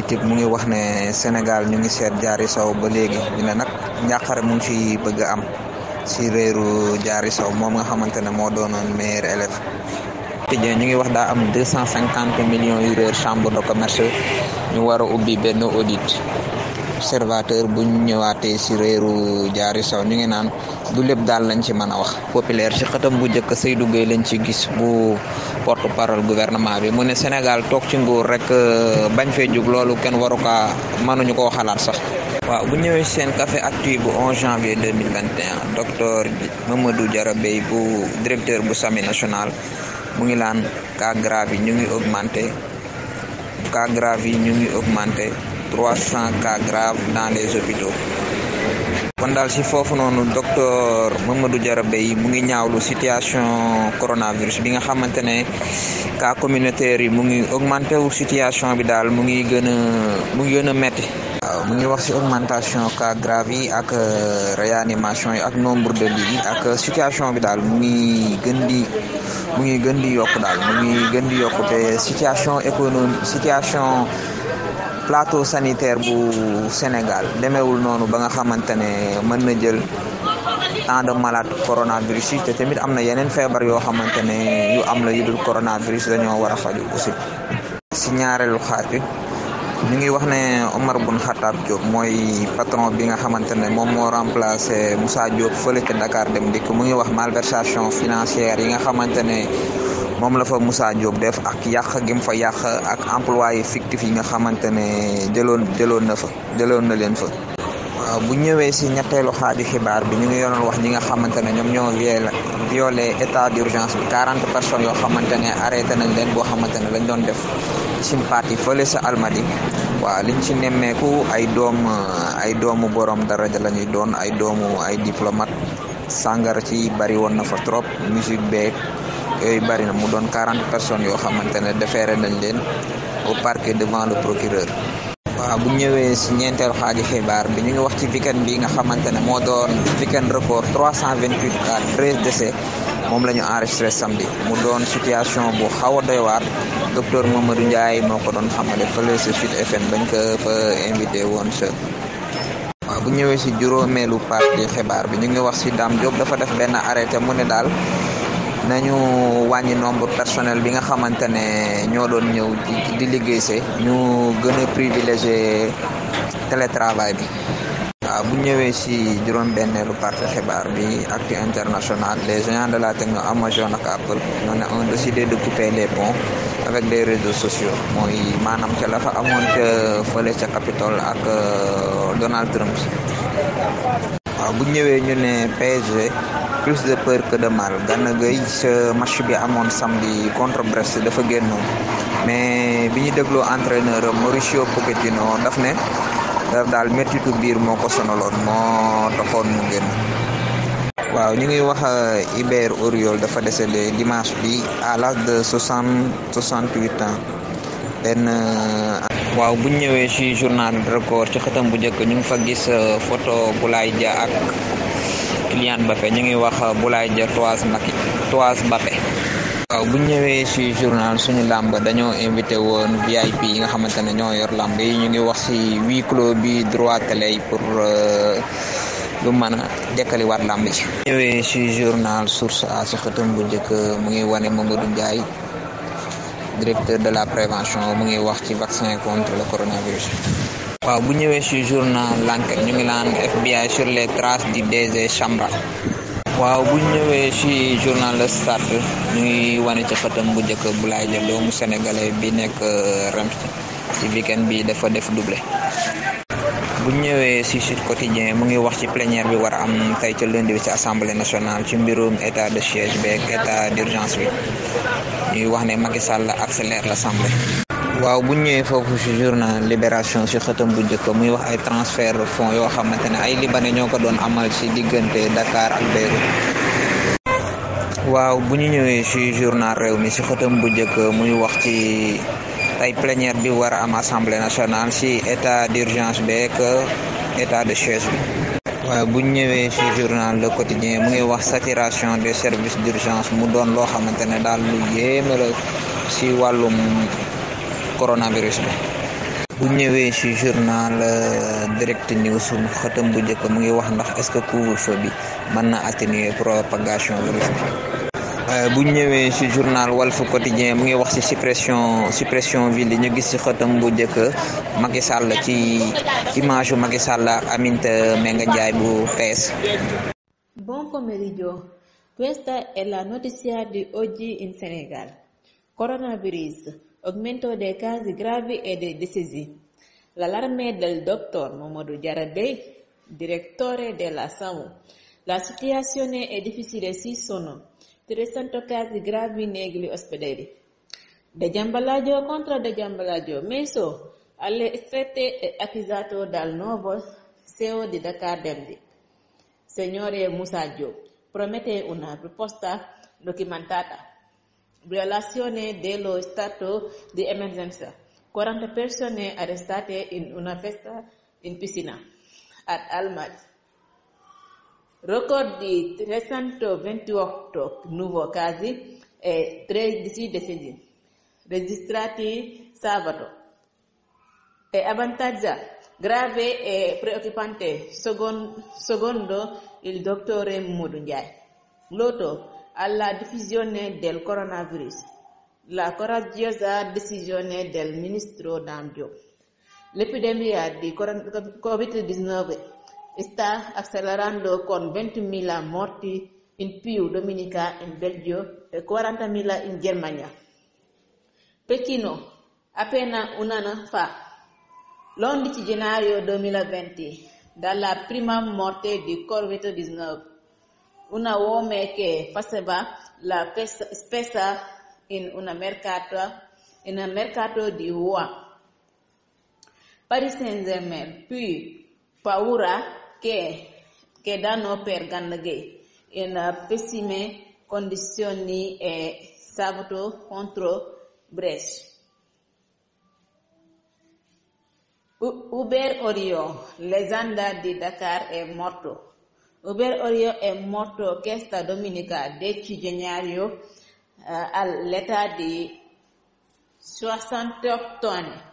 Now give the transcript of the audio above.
politique mu ngi wax ne Sénégal ñu ngi seet jaari sow ba léegi ñu ne nag njàqare mu ngi fi bëgg am si réeru jaari sow moom nga xamante ne moo doonoon meilleur élève tijee ñu ngi wax daa am deux cent cinquante millions yu réer chambre de commerce ñu war ubbi benn audit observateur bu ñëwaatee si réeru jaari saw ñu ngi naan du lépp daal lañ ci mën a wax populaire ci xëtam bu njëkk Seydou Gueye lañ ci gis bu porte parole gouvernement bi mu ne Sénégal toog ci nguur rek euh, bañ fee jug loolu kenn waru kaa mënuñu koo xalaat sax waaw bu ñëwee seen café actu bu 11 janvier 2021 docteur Mamadou Diarabey bu directeur bu SAMI national mu ngi laan cas grave yi ñu ngi augmenté cas grave yi ñu ngi augmenté 300 cas graves dans les hôpitaux. kon daal si foofu noonu docteur Mamadou Diarra Bèye mu ngi ñaawlu situation coronavirus bi nga xamante ne cas communautaire yi mu ngi augmenté wu situation bi daal mu ngi gën a mu gën a metti waaw mu ngi wax si augmentation cas grave yi ak euh, réanimation yi ak nombre de lits ak situation bi daal mu ngi gën di mu ngi gën di yokk daal mu ngi gën di yokk te situation économique situation plateau sanitaire bu Sénégal demewul noonu ba nga xamante ne mën na jël tant de malade coronavirus yi te tamit am na yeneen feebar yoo xamante ne yu am la yu dul coronavirus dañoo war a faju aussi si ñaareelu xaaj bi ngi wax ne Omar Bun Khattab Diop mooy patron bi nga xamante ne moom moo remplacé Moussa Diop fële ca Dakar dem dikk mu ngi wax malversation financière yi nga xamante ne moom la fa Moussa Diop def ak yàq gi mu fa yàq ak employé fictif yi nga xamante ne jëloon na fa jëloon na fa bu si ñetteelu xaaju xibaar bi ñu ngi yoonal wax ñi nga xamante ne ñoom ñoo violé état d'urgence bi quarante personnes yoo xamante ne arrêté nañ leen boo xamante lañ doon def sympathie fële sa almadi wa liñ ci nemmeeku ay doom ay domu borom daraja la don doon ay doomu ay diplomate sàngara ci bari woon na fa trop musique yooyu bari na mu doon 40 personnes yoo xamante ne déféré nañ leen au parquet devant le procureur waaw bu ñëwee si ñeenteel xaaji xibaar bi ñu ngi wax ci weekend bi nga xamante ne moo doon weekend record 328 cas 13 décès moom la ñu enregistré samedi mu doon situation bu xaw a doy docteur mamadou ndiaye moo ko doon xamale fële sa sud fm bañ ko fa invité woon sa bu ñëwee si juróomeelu parti xibaar bi ñu ngi wax si dam Diop dafa def benn arrêté mu ne daal nañu wàññi nombre personnel bi nga xamante ne ñoo doon ñëw di liggéey se ñu gën a privilégié télétravail bi waaw bu ñëwee ci juróom-benneelu partie xibaar bi ak international les géants de la techno Amazon ak Apple ñoo ne ont décidé de couper les ponts avec les réseaux sociaux mooy maanaam ca la fa amoon ca fële ca Capitole ak euh, Donald Trump waaw bu ñëwee ñu ne PSG plus de peur que de mal Gana Gueye sa match bi amoon samdi contre Brest dafa génnoon mais bi ñu dégloo entraîneur Mauricio Pochettino daf ne daf daal méttitu biir moo ko sonaloon moo taxoon mu génn. waaw ñu ngi wax Hubert euh, Auriol dafa décédé dimanche bi à l'âge de soixante huit ans benn euh, waaw bu ñëwee ci journal record ci xëtam bu njëkk ñu ngi fa gis euh, photo Boulaye Dia ak Kylian Mbappé ñu ngi wax euh, Boulaye Dia Toas Mbappé Toas Mbappé waaw bu ñëwee journal suñu dañoo invité woon VIP yi nga xamante ne ñoo yor làmb yi ñu ngi wax ci huis clos bi droit télé pour euh, lu mën a dekkali waat làmb ji ñëwee journal source xëtam bu njëkk mu ngi wane Mamadou Ndiaye directeur de la prévention mu ngi wax ci vaccin contre le coronavirus. waaw bu ñëwee si journal l'enquête ñu ngi naan FBI sur les traces du DG Chambra. waaw bu ñëwee si journal Le Stade ñu ngi wane ci xëtam bu njëkk Boulaye Dia doomu sénégalais bi nekk euh, Reims ci weekend bi dafa def doublé. bunye ñëwee si Sud Quotidien mu ngi wax ci plénière bi war am tay ci lundi bi ci assemblée nationale ci mbirum état de siège beeg état d'urgence bi ñuy wax ne Macky Sall accélère l'assemblée waaw bu ñëwee foofu si journal libération si xëtam bu njëkk muy wax ay transfert de fonds yoo ay doon amal si diggante Dakar ak Beyrouth waaw bu ñu ñëwee si journal réew mi si xëtam bu njëkk muy wax ci tey plénière bi war a am assemblée nationale ci état d'urgence beek état de chaise bi waaye bu ñu ñëwee ci journal Le Quotidien mu ngi wax saturation des service d'urgence mu doon loo xamante ne daal lu yéeme la ci wàllum coronavirus bi bu ñëwee ci journal euh, direct news xëtam bu njëkk mu ngi wax ndax est-ce que couvre-feu bi mën na atténuer propagation virus bi Euh, bu ñëwé ci journal Walf Quotidien mu ngi wax ci suppression suppression ville ñu gis ci xëtam bu jëk Macky Sall ci image Macky Sall Aminte Mbengue Ndiaye bu PS. Bon pomeriggio. Questa è la notizia di oggi in Senegal. Coronavirus, aumento dei casi gravi e dei decesi. L'allarme del dottor Mamadou Diarabé, direttore della SAMU. La situazione è difficile, sì sono. interessante casi gravi negli ospedali. De Giambalaggio contro De Giambalaggio, messo alle strette e accusato dal nuovo CEO di Dakar Demdi. Signore Musa Diop promette una proposta documentata. Violazione dello stato di emergenza. 40 persone arrestate in una festa in piscina ad Almat. Record de 328 nouveaux cas et 13 décédés. registrati sabato. Et graves grave et preoccupante secondo il dottore Mudunjai. à alla diffusion del coronavirus. La coraggiosa décision del ministro Dambio. L'épidémie di Covid-19 sta accelerando con 20.000 morti in più Dominica, in Belgio e 40.000 in Germania. Pechino, appena un anno fa, l'11 gennaio 2020, dalla prima morte di Covid-19, una uomo che faceva la spesa in un mercato, in un mercato di Rua. Paris Saint-Germain, più paura ke no père ganda en une pessime condition ni e eh, sabato contre brescia Uber Orio, légende de Dakar, est morto. Uber Orio est morto questa dominica 10 gennaio uh, all'età de 68 eh, ans.